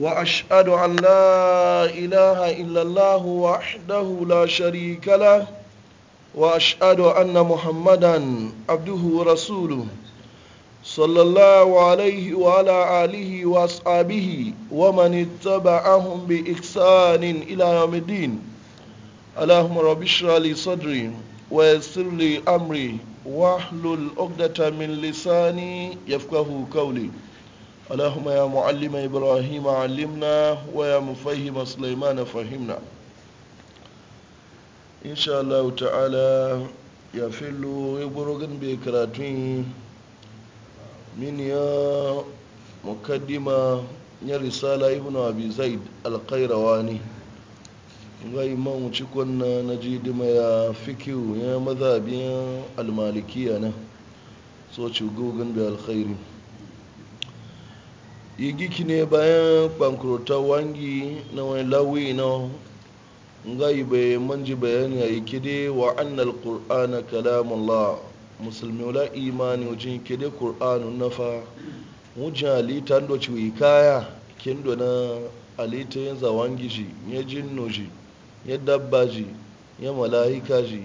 واشهد ان لا اله الا الله وحده لا شريك له واشهد ان محمدا عبده ورسوله صلى الله عليه وعلى اله واصحابه ومن اتبعهم باحسان الى يوم الدين اللهم رب اشرح لي صدري ويسر لي امري واحلل عقده من لساني يفقهوا قولي اللهم يا معلم إبراهيم علمنا ويا مفهم سليمان فهمنا إن شاء الله تعالى يا فلو يبرغن بكراتين من يا مقدمة يا رسالة ابن أبي زيد القيرواني غاي man wuce نجيد ما يا فكيو يا ya mazabin almalikiya na so ci gugun Yi giki ne bayan bankrota wangi na wani lawi na ngayi bai manji bayani a kide wa annal qur'ana la. musulmi wula imani wajen ikide qur'anu nafa wujen halitta ndo ciwi kaya kendo na halitta yin zawangi ji ya jinno shi ya dabba shi ya mala'ika shi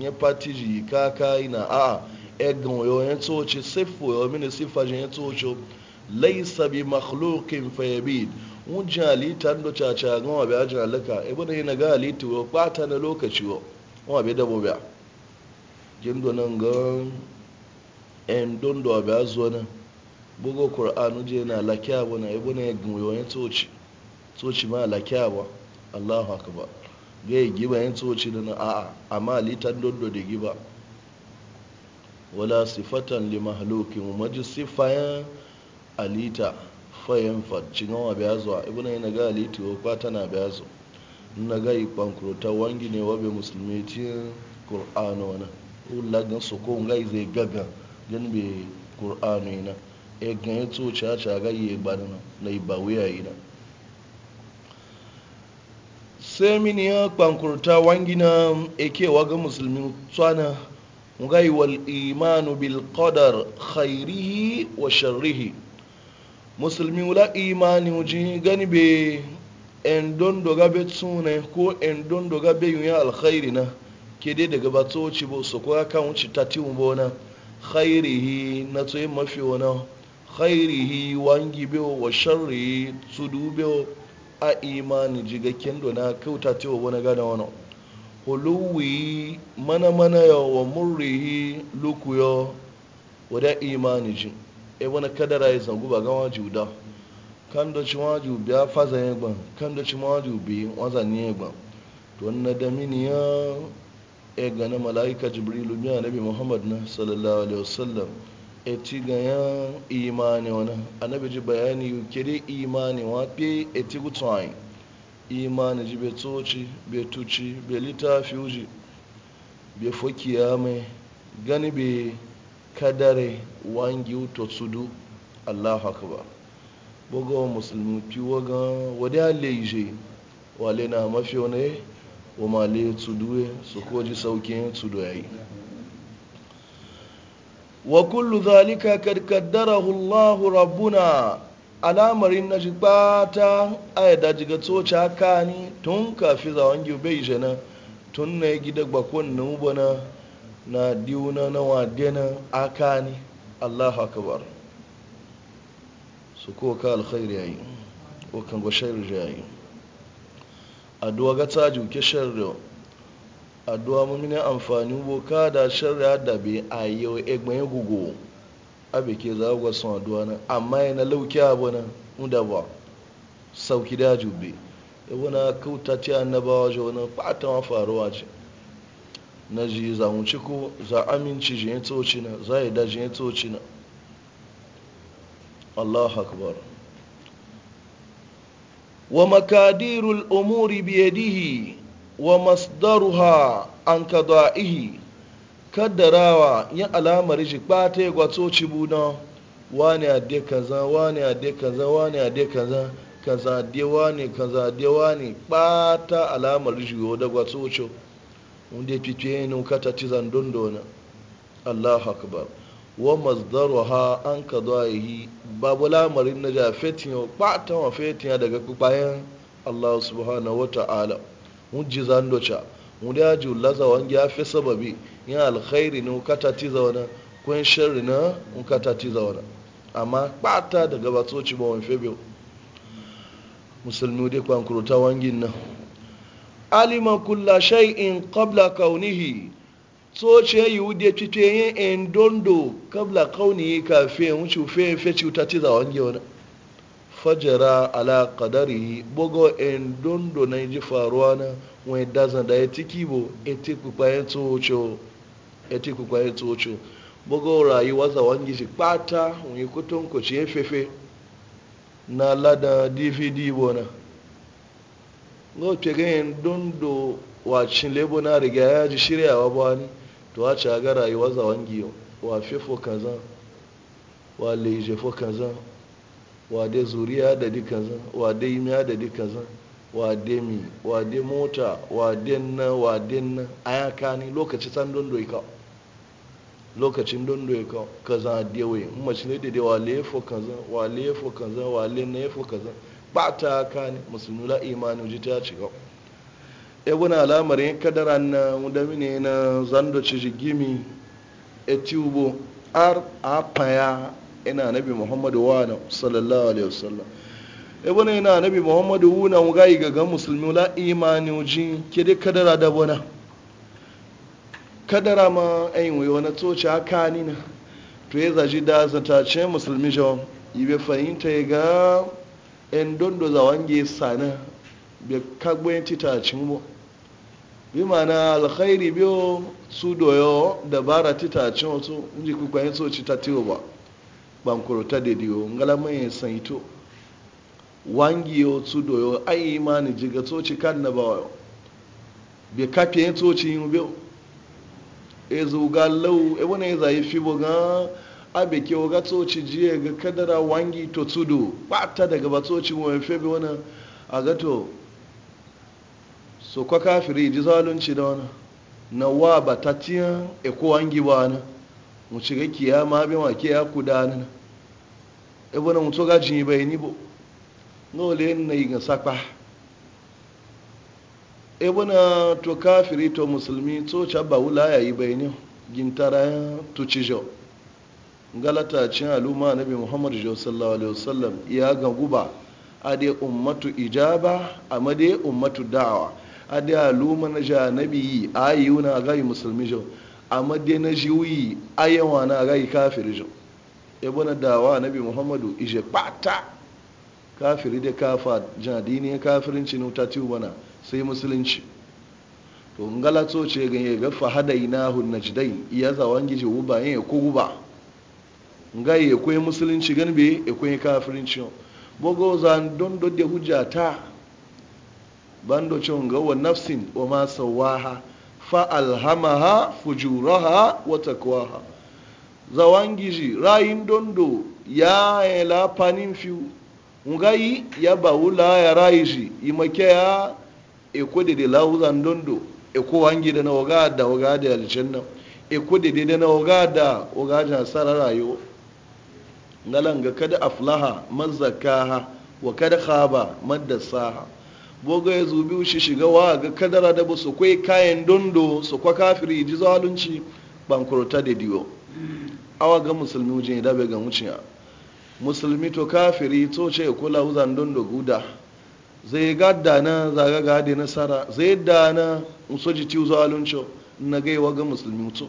ya fati shi kaka na a'a egan yoyon tsoce siffo ya siffa shi ya tsoce laisa bi makhluqin fayabid mun ji ndo chacha ngwa be aja laka e bona ina ga aliti wo kwata na lokaci ba ngwa be dabo jin do nan ga en dondo ba zo na bugo qur'anu je na bo na. e bona gumyo yin toci toci ma lakya bo allahu akbar ga yi giba yin toci da na a'a amma litan dondo da giba wala sifatan li mahlukin maji sifayen alita fayenfa biya zuwa, ibina yana ga aliti wa tana biya zuwa na ga ikpankurota wangi ne wabe musulmi ti qur'an wana ulla gan so ko ngai zai gaga gan be qur'an yana e gan to cha cha ga yi gbadana na ibawiya na. sai mini ya kwankurta wangina ekewa waga musulmi tsana ngai wal imanu bil qadar khairihi wa sharrihi musulmi wula imani wuji gani be en don doga be tsune ko en don doga be yunya alkhairi na ke dai daga ba tso ci bo so ko kan wuce ta ti umbo na khairihi na tso yi mafi wana khairihi wangi be wa sharri tudu be a imani jiga kendo na kauta ti wa wani gana wana huluwi mana mana ya wa murrihi lukuyo wadda imani jin e wani kadara ya e zangu ba gawa guda. kan da ci waju biya faza ya e gban kan da ci waju bi waza ni e ya gban to na da mini ya ga na malaika Jibril, biya nabi muhammad na sallallahu alaihi wasallam e ti ga ya imani wani annabi ji bayani kiri imani wa pe e ti gutsayin imani ji be tsoci be tuci be litafi uji be fokiya mai gani be kadare wangi to sudu allahu akbar bogo musulmi piwo ya wade aleije wale na mafi wani wa male tuduwe su koji saukin tudu e, yayi e. wa kullu zalika kad kaddarahu allah rabbuna alamarin na jibata aya da jiga haka ni tun kafi zawon gibe tun na e gida gbakon na na diuna na wadena aka ne allahu akbar su ko ka alkhairi yayi ko kan go shari yayi addu'a ga ta juke sharri addu'a mu mini amfani bo ka da sharri da be ayo egbon gugu abe ke za ga son addu'a na amma yana lauki abu na da ba sauki da jube ibuna e kauta ce annabawa jona fatan faruwa ce na ji za mu ko, za aminci jiyan na, za yi da jiyan na. Allah akbar wa makadirul umuri biyadihi wa masdaruha an kada'ihi kaddarawa ya alamar ji kpata ya gwato cibuna wani ade kaza wani ade kaza wani ade kaza kaza ade wani kaza ade wani ɓata alamar ji da gwato cibuna wanda fice e ne kata ci zandon dona allahu akbar wa mazdaru ha an ka yi babu lamarin na jafetin ya kwata wa fetin daga kubayen allah subhanahu wa ta'ala wujji zandoca wanda ya ji laza wani ya fi sababi yin alkhairi ne kata tiza zauna kun shirri na kata tiza. amma kwata daga batsoci ba wani febe musulmi dai kwankuru ta wangin nan alima kulla in qabla kaunihi so ce yiwu da fito yin in dondo kabla kaunihi kafe wuce fe fe ciuta ti za wange wani fajara ala qadarihi bugo in dondo na yi ji faruwa na wani dazan da ya tiki bo eti kukwayen tsocho eti kukwayen tsocho bugo rayuwa za wange shi kpata wani kuton ko ce fefe na lada dvd bona ga te ganyen dondo wacin lebo na riga ya ji shiryawa ba ni to a wace ga rayuwa za giyo. wa fefo kaza wa leje fo kaza wa de zuriya da di kaza wa de imiya da di kaza wa de mi wa de mota wa de na wa de na ayaka ni lokaci san dondo ka lokacin dondo ka kaza dewe in mace ne da de wa lefo kaza wa lefo kaza wa le na lefo kaza Ba ta kani musulmi la imani ji ta shiga ibn e, alamar kadara na ne na zando cijigimi etubo ar apaya ina nabi muhammadu wa sallallahu alaihi wasallam ibn e, ina nabi muhammadu wuna ga gaga musulmi la imani ji kede kadara da bona kadara ma ayin e wayo na tsoci a kani na to ya zaji da zata ce musulmi jawon ibe fahimta ya ga en dondo za wange sana be kagbe tita cimbo bi mana alkhairi biyo su doyo dabara tita cin wasu inji kuka yin soci ta tiyo ba Bankoro ta dediyo ngala mai san ito wangiyo su doyo ai imani jiga soci kan na bawayo Bai kafe yin soci yin biyo e zuga lau e wani ya fi fibo ga abe ke waga tsoci jiya ga kadara wangi to tsudu ba ta daga ba tsoci wani febe wani a gato so kwa kafiri ji zalunci da wani na wa ba ta tiyan eko wangi ba wani mu shiga ma bi ma ke ya kuda nan ebo na mutu ga yi bai ni bo nole na yi ga sakpa ebo na to kafiri to musulmi tsoci ba wula ya yi bai ne gintara ya tuci jau galata cin aluma nabi muhammad sallallahu alaihi wasallam ya ga guba dai ummatu ijaba dai ummatu da'awa dai aluma na ja nabi ayu na gai musulmi jo dai na a yawa na gai kafiri jo ibn e da'awa nabi muhammadu ije bata kafiri da kafa jadini kafirinci ne ta tiwana sai musulunci to ngalatso ce ganye ga fa hadainahu najdain iya zawan gije uba yin ko uba ngai akwai musulunci gan be akwai kafirinci bogo za don dodde hujja ta bandocin ga wa nafsin wa ma sawaha fa alhamaha Za wa takwaha zawangiji rayin dondo ya yi lafanin fiu ngai ya ba wula ya yi imake ya eko e e de de lauzan dondo eko wangi da na waga da waga da aljanna eko de da na waga da waga jan sararayo ngalan ga kada aflaha man zakaha wa kada khaba man boga ya zubi shi shiga wa ga kadara da su kwai kayan dondo su kwa kafiri ji zalunci bankurta da diyo awa ga musulmi wujin da bai ga wuciya musulmi to kafiri to ce kula wuzan dondo guda zai gadda na zaga gade nasara zai dana musoji ti zalunci na gaiwa ga musulmi to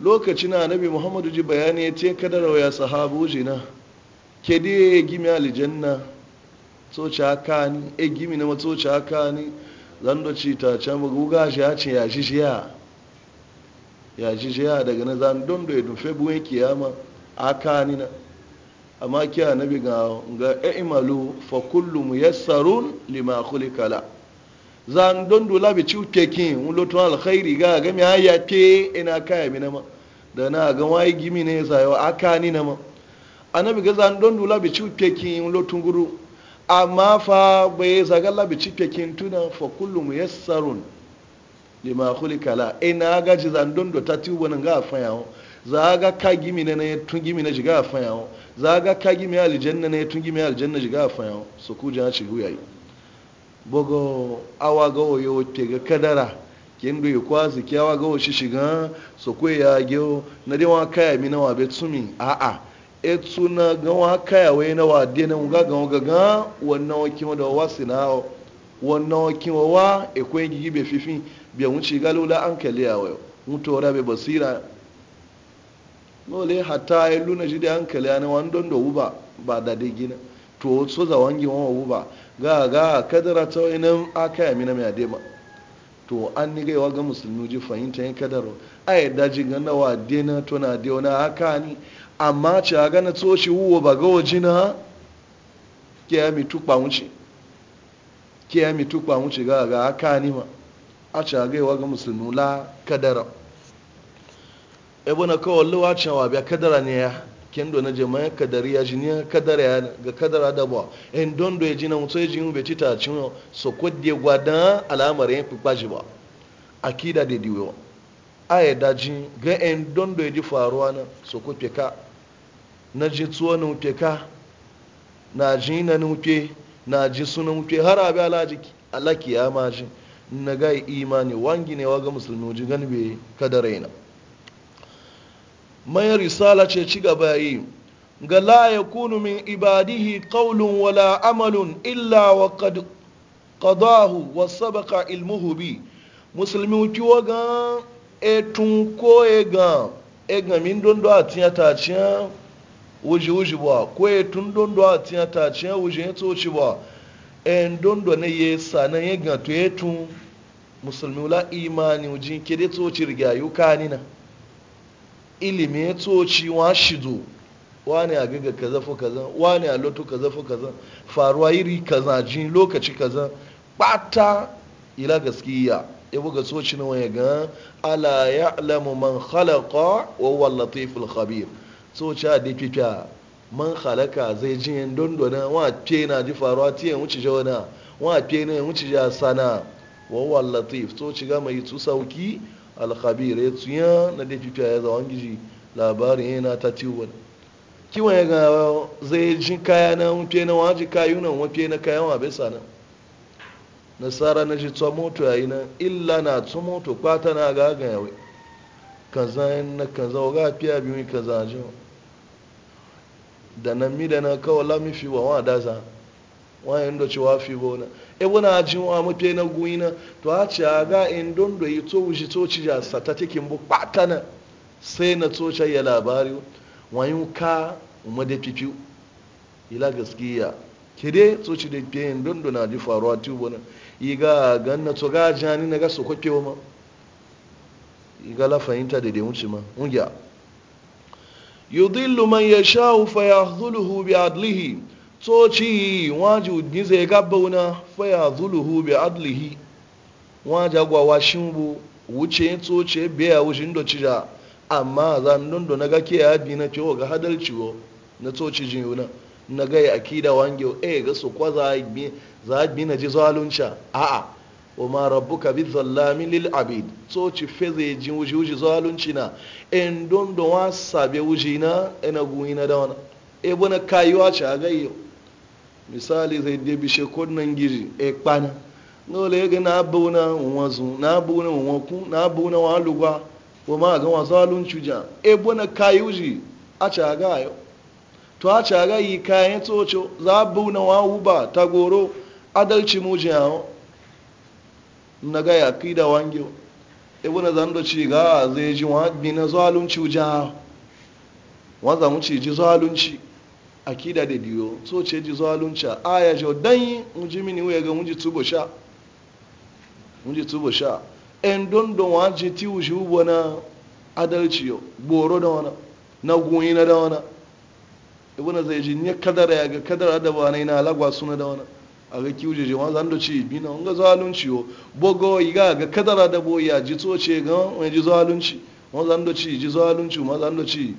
lokaci na nabi muhammadu ji bayani ya ce kada rauya sahabu jina ke ya gimi alijanna tsoci haka ni e gimi na matsoci haka ni zan da ci ta can ba guga shi ya ce ya shi shi ya daga na zan don da ya dufe buwai kiyama haka ni na amma kiya nabi ga ga e imalu fa kullum muyassarun lima khuliqa zan don dola bi ci pekin un lotun alkhairi ga ga mi haya pe ina kaya mi nama da na ga wai gimi ne sa yo aka ni nama annabi ga zan don dola bi ci pekin un lotun guru amma fa bai zaga ga labi ci pekin tuna fa kullu muyassarun lima khulika la ina e ga ji zan don do tati wonan ga fa yawo za ga ka gimi ne ne tun gimi ne ga fa yawo za ga ka gimi aljanna ne tun gimi aljanna ga fa yawo su ku ja ci huyayi bogo awa ga yo wote ga kadara kendo ya kwazi ki awa ga shishiga, shiga so kwe ya gyo na dai wa kaya mi na wa betsumi a a etu na ga wa kaya wai na wa de na ga ga ga wannan wa kima da wa sina wannan wa kima wa e kwen gigi be fifi biya mun shiga lula an kale ya wayo mutu ra be basira le hatta ya e luna jide an kale na wan don da uba ba da de gina to so za wangi wa ba, ga ga kadara ta wani aka yami na mai adema to an ni gaiwa ga musulmi ji fahimta yin kadaro a yi daji gana wa dena to na de na haka ni amma ce a gana to shi wuwa ba ga waje na ke yami tukpa wuce ke yami tukpa wuce ga ga haka ni ma a ce a gaiwa ga musulmi la kadara ebe na kawo lowa cewa biya kadara ne ya kendo na jama'a kadari ya jini kadari ya ga kadara da ba en don do ji na mutso ji mu be cita cin so ko de gwada alamar yan fi jiba akida de diwo aye da ji ga en don do ji faruwa na so ko peka na ji tuwo na peka na ji na na pe na ji suna pe har abi alaji alaki ya ma ji na ga imani wangi ne wa ga musulmi ji gan be kadara yana mai risala ce ci gaba yi ga la ya kunu min ibadihi qaulun wala amalun illa wa qad qadahu wa sabaqa ilmuhu bi musulmi kiwo ga etun ko e ga e min don do atiya ta ciya wuji wuji ba ko etun don do atiya ta ciya wuji ne to ci ba en don do ne ye na ye ga to etun musulmi la imani wujin kede to ci riga kanina na ilimi ya tsoci wa shido wani a gaga kaza fi kaza wani a lotu kaza fi kaza faruwa iri kaza jin lokaci kaza bata ila gaskiya ya buga tsoci na wani ga ala ya'lamu man khalaqa wa huwa latiful khabir tsoci a dikita man halaka zai ji yin dondona wa fiye na ji faruwa tiye wuce jawana wa fiye na wuce jasana wa huwa latif tsoci ga mai tsusauki alkhabir ya tsuya na da fifiya ya zawon gizi labarin yana ta ciwon kiwon ya ga zai ji kaya na mafi na waji kayu na mafi na kayan wa bisa na nasara na ji tso moto ya yi na illa na tso moto kwata na gaga yawai kaza na kaza wa gafiya biyu kaza jiwa da nan mi da na kawo lamifi wa wa daza wayan da cewa fi bona e wana jin wa mafi na guina to a ce a ga in don yi to wuce to ci jasa ta tikin bu patana sai na to ce ya labari wayan ka ma da fifi ila gaskiya kide to ci da fiye in don da na ji faruwa ti bona yi ga ganna to ga jani na ga su kwake ma yi ga la fahimta da da wuce ma ungiya yudillu man yasha'u fa yahdhuluhu bi adlihi soci waju nize gabbauna faya zuluhu bi adlihi waja gwawa shimbu wuce soce biya wuce ndo cija amma zan dondo na ga ke yadi na ciwo ga hadalci ciwo na jin yuna na ga ya akida wange e ga su kwa za bi na ji zalunca a'a wa ma rabbuka bi zallami lil abid tsoci feze jin wuce wuce zalunci na en dondo wa sabe wuce na ina gumi na da wana e kayuwa ce a gayyo misali zai dai bishe kodunan giri e kpana nola ya ga na abu na wazu na abu na waku na abu na wa ma ga wasu alun cuja e bona kayuji a ga ayo to a ga yi kayan e tsoco za abu na wa ba ta goro adalci mujin awo na ga ya kida wange e bona zan do ci ga zai ji wa bi zuwa zalunci cuja wa zamu ci ji zalunci akida da diyo so ce ji zalunca aya jo danyi unji mini wuya ga unji tubo sha unji tubo sha en don don waji ti uji ubo na adalci yo boro da wana na goyi na da wana ibuna zai ji ne kadara ya ga kadara da ba na yi na lagwa suna da wana a ga kiwo jeje wa zan da bi na ga zalunci yo bogo iga ga kadara da bo ya ji to ce ga wani ji zalunci wa zan da ci ji zalunci ma zan da ci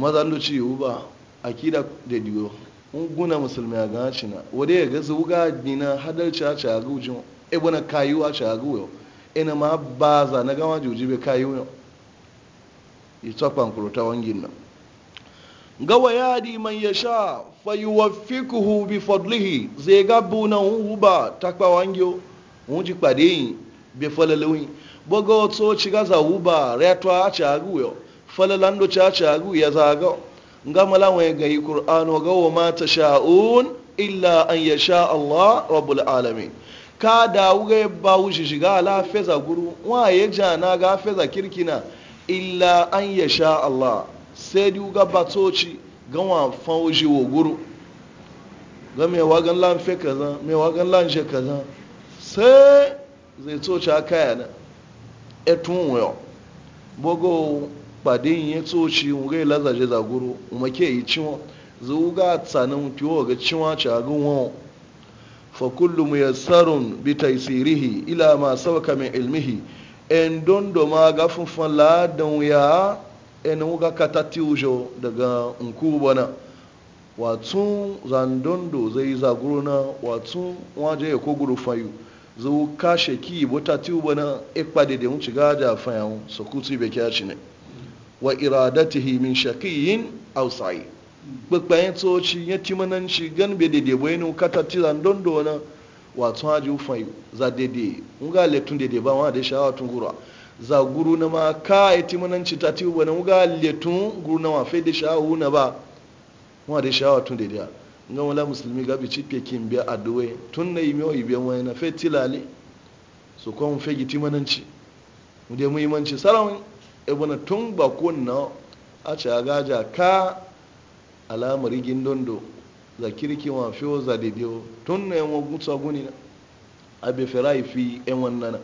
zan da ci uba akida da diyo guna musulmi a gaci na wadda ya gaza wuga dina hadarci a cagu jin ibina kayu a cagu yau ina ma ba za na gama juji bai kayu yau yi tsakwan kuruta wangin nan gawa ya di man ya sha fayuwafikuhu bi fadlihi zai gabu na huba takwa wangyo wunji kpade yi bai falalawin bogo to ci gaza huba reto a cagu yau falalando ci a cagu ya zagau nga malawa ga yi qur'ano ga wa ma sha'un illa an yasha Allah rabbul alamin ka da wuga ba wushi shiga ala feza guru wa ya jana ga feza kirkina illa an yasha Allah sai di wuga batoci ga wa fawji wa guru ga me wa gan lan fe kaza me wa gan lan je kaza sai zai toci kaya yana etun wo bogo ba din ya tsoci wuga la zaje za guru uma ke yi ciwo zuga tsanin tiwo ga ciwa ci a gunwa fa kullu muyassarun bi taysirihi ila ma sabaka min ilmihi en don do ma ga fun fan la dan ya en wuga ti ujo daga nku bana zandondo zai zaguru na watun waje ya koguru fayu zuka sheki bota tiwo bana ikpade da mun da fayan sokuti be kyaci ne wa iradatihi min shakiyin aw sa'i gbogbo tsoci ya ci mananci gan bai daidai bai nu kata tiran don dona wato haji ufan za daidai nga letun daidai ba wa da shawa tun gura za guru na ma ka ya ci mananci ta ti wani nga letun guru na ma fai da shawa na ba wa da shawa tun daidai nga wala musulmi bi ci pekin biya aduwe tun na yi mewa ibiyan wani na fai tilale su kwan fai giti mananci mu dai muhimmanci salamu ibn tun ba kunna a ce a gaja ka alamari gindondo za kirki wa fiyo za daidaiwa tun na yawon gutsa guni na abe firai fi yan wannan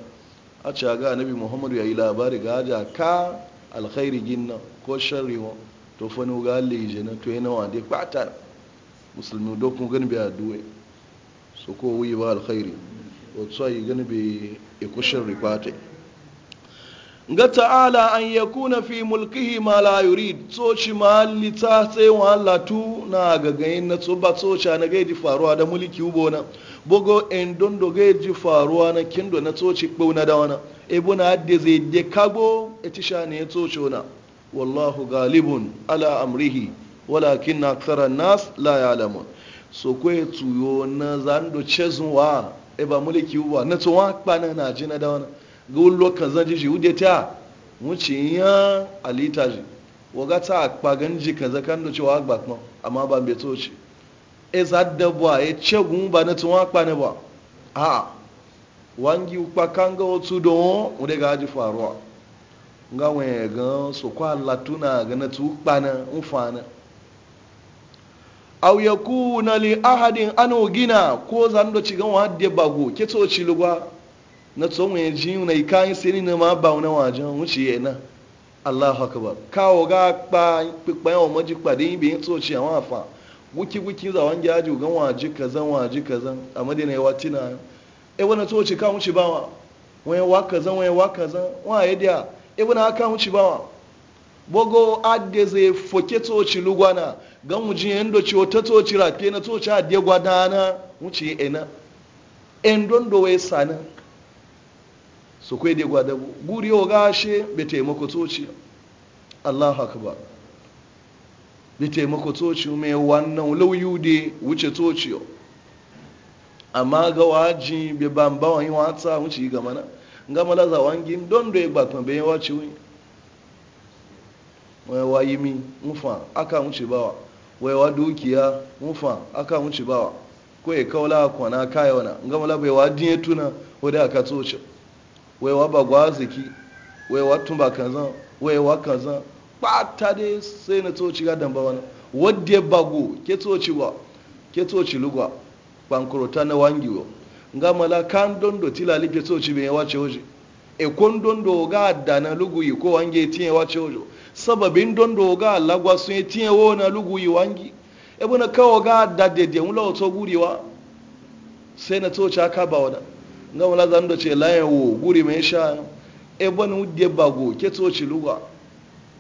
a ce a ga anabi muhammadu ya yi labari gaja ka alkhairi gina ko sharriwa to fani ga yi na to yana wade kwata musulmi dokun gani bai aduwe su ko wuyi ba alkhairi wato yi gani bai ikushin rikwata ga ta'ala an yakuna fi mulkihi ma la yurid so shi mahalli ta sai wa tu na gagayin na tsoba tsoca so cha na gaji faruwa da mulki ubo na bogo en dondo do gaji faruwa na kindo na so ci kpau na da wana e na adde zai de kago e tisha sha ne so cho na wallahu galibun ala amrihi walakin akthara nas la alamun so kwe tuyo na zando chezwa e ba mulki ubo na to kpana na ji na da wana Ga gullo kaza ji hude ta wuce ya alita ji waga ta akpagan ji kaza kan da cewa agba kuma amma ban beto ce e zadda ba e cegun ba na tun akpa ne ba a wangi ukpa kan ga otu don wude ga ji faruwa nga wani ga su kwa latuna ga na tu ukpa na umfana aw yakuna li ahadin anu gina ko zan do ci ga wa de bago ke to ci lugwa na tsohon ya ji na ikayin siri na ma ba wani wajen wuce ya na allahu akbar kawo ga kpa yawon maji kpade yi bayan tsoci a wafa wuki wuki za wani gaji gan waji kazan waji kazan a madina ya wati na e wani tsoci ka wuce bawa wani wa kazan wani wa kazan wani ya diya e wani aka wuce bawa bogo adde zai foke tsoci lugwana gan wujin ya ciwo wata tsoci rafe na tsoci adde gwadana wuce ya na endon da wai sanin su kwai da gwada guri yau gashe bai taimako toci allah ba bai taimako toci mai wannan lauyu da wuce toci amma ga waji bai bamba wani wata wuce ga mana gama malaza wangi don da ya gbatan bayan wace wani wai wayi mi mufa aka wuce bawa wai wa dukiya mufa aka wuce bawa ko ya kaula kwana kayo na gama malaza bai wa dinya tuna wadda aka Wai wa ba gwaziki wa tun ba kazan waiwa kazan ɓata dai sai na tsoci ga damba wani wadda bago ke tsoci ba ke tsoci lugwa bankurota na wangiwo nga mala kan dondo tilali ke tsoci bai wace hoji e kon dondo ga lugu yi ko wange tiye wace hoji sababin dondo ga lagwa sun yi e tiye lugu yi wangi e kawo ga da dede wula wato gurewa sai na tsoci aka ba wani nga wala zan do ce laye wo guri mai sha e bon wudde bago ke tsoci luga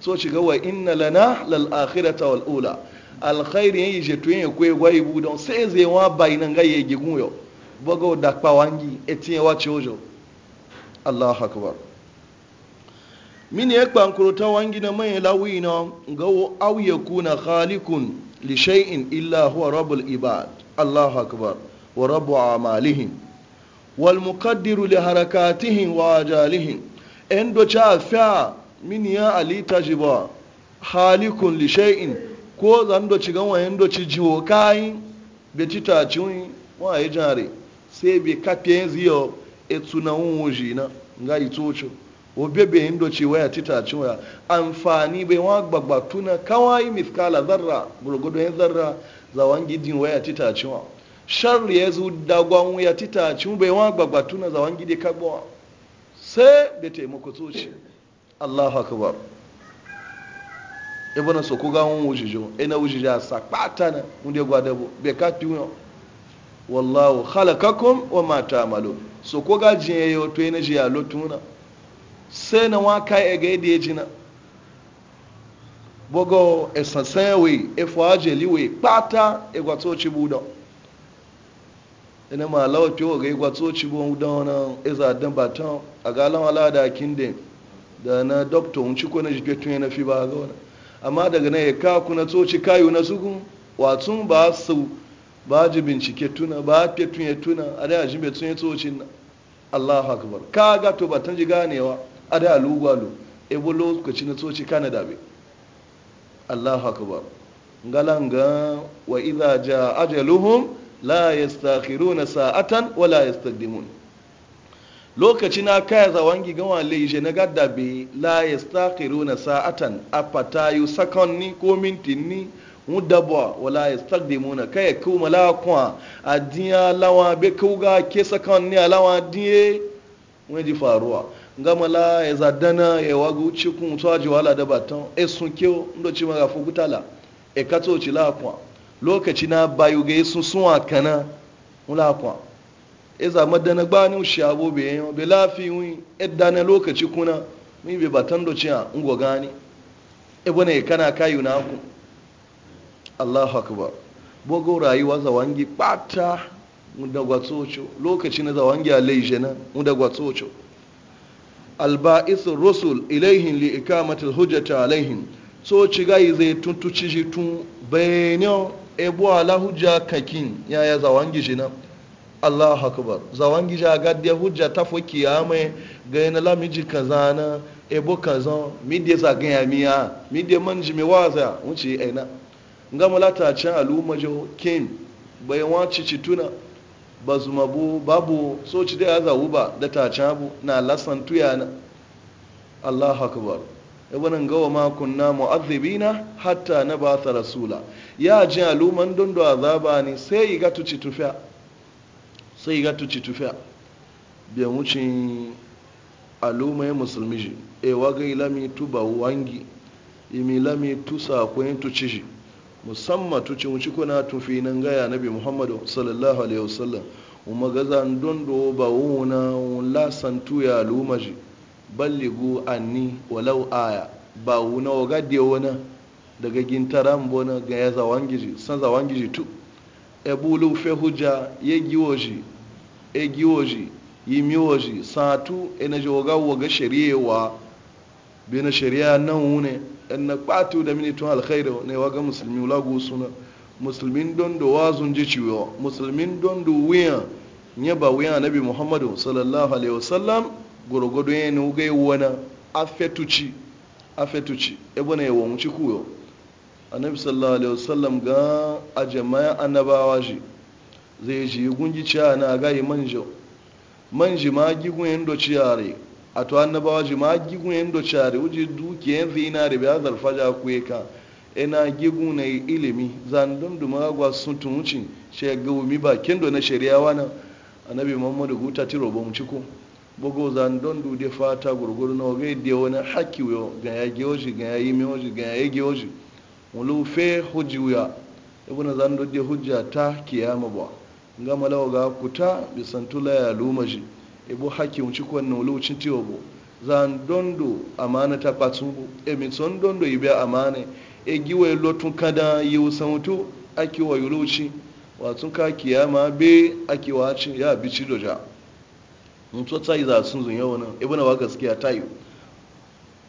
tsoci ga wa inna lana lal akhirata wal ula al khair yi je tuye ko e gwai bu don sai zai wa bai nan ga yegi gun yo bogo da pawangi etin wa ojo allah akbar min ya e kpankuru ta wangi na mai lawi na ga wo aw yakuna khalikun li shay'in illa huwa rabbul ibad allah akbar wa rabbu amalihim wal muqaddiru li harakatihim wa ajalihim en do cha fa min ya ali tajiba halikun li shay'in ko zan do ci gan wayan do ci jiwo kai be ci ta ci e e wa ya jare sai be kape ziyo etuna wuji na nga itocho obebe ndo ci waya tita ci waya amfani bai wa kawai miskala zarra gurgudu zarra zawangi waya tita ci sharri ya zo dagon wuya tita cin bai wa gbagbatu na zawon gide kagbawa sai da taimako soci allahu akbar ibn so ko ga won wujujo ina wujuja sa pata na munde gwada bo bai ka tiwo wallahu khalaqakum wa ma ta'malun so ko ga jiye yo to ina jiya lotuna sai na wa kai e ga ide jina bogo esansewe efo ajeliwe kpata, egwa to chibudo ina ma lawa wa ga igwa ci bon don iza dan baton a galan wala da kinde da na doctor un ko na jike tun na fi ba ga wani amma daga na ya ka na tsoci kayu na suku watsun ba su ba ji bincike tuna ba fiye tun ya tuna a da jin bai tun ya tsoci na allahu akbar ka ga to batan ji ganewa a da lugwalo ku ci na tsoci da bai allahu akbar galan wa idza ja ajaluhum la yastakhiruna sa'atan wa la yastaqdimun lokaci na kaya za wangi gawa leje na gadda be la yastakhiruna sa'atan apata yu ni ko ni mudabwa wa la yastaqdimuna kaya kuma la kwa adiya lawa be kuga ke ni alawa diye wani faruwa ngama la ya zadana ya wagu cikun tsaji wala da baton e sun ndo ci maga fugutala e katso la kwa lokaci na bayu ga yesu suwa kana mulakwa iza madana gbani ushi abu be yan be lafi yi edda na lokaci kuna mi be batan do a ngo gani e bone kana kayu na ku Allahu akbar bogo rayuwa zawangi mu da gwatsocho lokaci na zawangi alaije na da gwatsocho alba'isu rusul ilaihin li ikamatil hujjata alaihin. so ci gai zai tuntuci shi tun bayanin ebu ala hujja kakin yaya zawangi shi na Allahu akbar zawangi ja hujja ta mai kiyama ga yana lamiji na ebo kaza midye za ga ya miya midye manji mai waza wuce aina ngama lata can al'umma jo kin bai wace tuna ba zuma mabu babu so ci da ya zawu ba da ta abu na lasan tuya na Allahu akbar ibanin gawa makon na mu'azzibina hatta na ba ta rasula ya ji aluman don da azaba ne sai yi gatu ci tufiya sai yi gatu ci tufiya bai aluma ya musulmi ji e waga ilami tu ba wangi imi lami tu kwen tu ci shi musamman tu ci wuci kuna tufi nan gaya nabi muhammadu sallallahu alaihi wasallam umma gaza don do ba wuna lasan tu ya aluma shi. ballihu anni walau aya ba wuna wa gadi wani daga gintaran bona ga ya zawangiji san zawangiji tu e bulu fe hujja ye giwoji e giwoji yi miwoji satu e na joga wa ga shari'a bi na shari'a nan wune en na kwatu da mini tun alkhairu ne wa ga musulmi lagu suna musulmin don do wazun ji ciwo musulmin don do wiya ne ba wiya nabi muhammadu sallallahu alaihi wasallam gwargwado ya ne wuga wana afetuci afetuci ebe na yawon wuce kuyo annabi sallallahu alaihi wasallam ga a jama'a annabawa shi zai ji gungi ciya na gayi manjo manji ma gigun yin do a to annabawa ji ma gigun yin do ciyare wuji dukiyan zinari biya zarfaja kuye ka ina gigu na ilimi zan dunduma agwa sun shi shagawu mi bakin do na shari'a wana annabi muhammadu guta tiro ba mu ciko bugu zan don dude fata gurguru na ga de wani haki wo ga ya ge oji ga ya yi mi oji ga ya ge oji mulu fe hujji wuya ibn zan do de hujja ta kiyama ba nga malawa ga kuta bisantula ya lumaji ibu haki unci kwan na ulu cin tiwo bo zan don do amana ta patsun bo e mi son don do ibe amana e giwe lotun kada yi usantu ake wa yuluci watsun ka kiyama be ake wa ya bici doja mutu ta yi zasun zun yau nan ibina ba gaskiya ta yi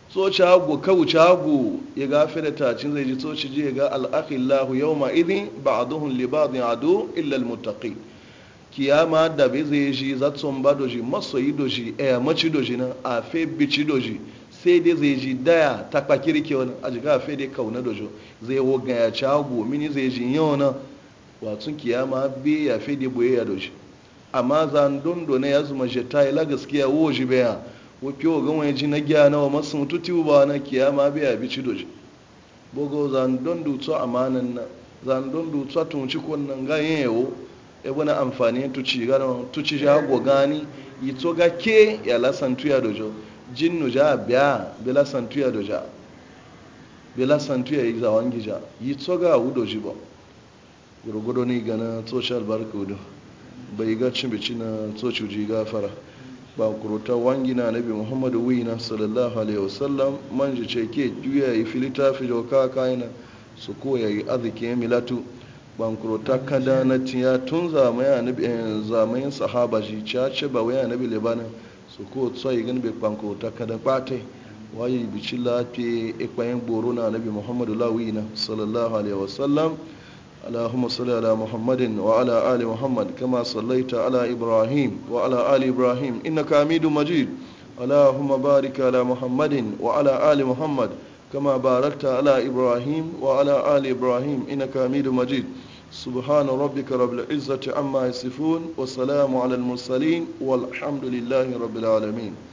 so cago kawu cago ya fere da cin zai ji so ci ji ga al'akhillahu yau ma idin ba a duhun libadin adu illal mutaki kiyama da bai zai ji zatsun ba doji masoyi doji a maci doji na, a fe bici doji sai dai zai ji daya ta kwakirke wani a jiga fe dai kauna dojo zai wo gaya cago mini zai ji yau na watsun kiyama bai ya fe dai boye ya doji amma zan dondo ne ya zuma jeta la gaskiya wo ji baya wo wa ga wani ji na gya na wa masu mututu ba na kiyama biya bi ci doji bogo zan dondo to amanan na zan dondo to tun ci kon nan ga yin yawo e bana amfani ya tuci ga tu ci ja go gani yi to ga ke ya lasan tuya dojo Jin ja biya bi lasan tuya doja bi lasan tuya yi gija yi to ga wudo ji ba gurgudu ni gana social barkudu bai ga cin bici na tsoci ji gafara ba kuruta wangi na nabi muhammadu wina sallallahu alaihi wasallam man ji ce ke juya yi filita fi doka kaina su koya yi arziki ya milatu bankurota kada na tiya tun eh, zamayin sahaba ji cace ba waya nabi libanin su ko tsayi gani bai bankurota kada kwatai waye bici lafi ikpayin boro na nabi muhammadu lawina sallallahu alaihi wasallam اللهم صل على محمد وعلى آل محمد كما صليت على إبراهيم وعلى آل إبراهيم إنك حميد مجيد اللهم بارك على محمد وعلى آل محمد كما باركت على إبراهيم وعلى آل إبراهيم إنك حميد مجيد سبحان ربك رب العزة عما يصفون والسلام على المرسلين والحمد لله رب العالمين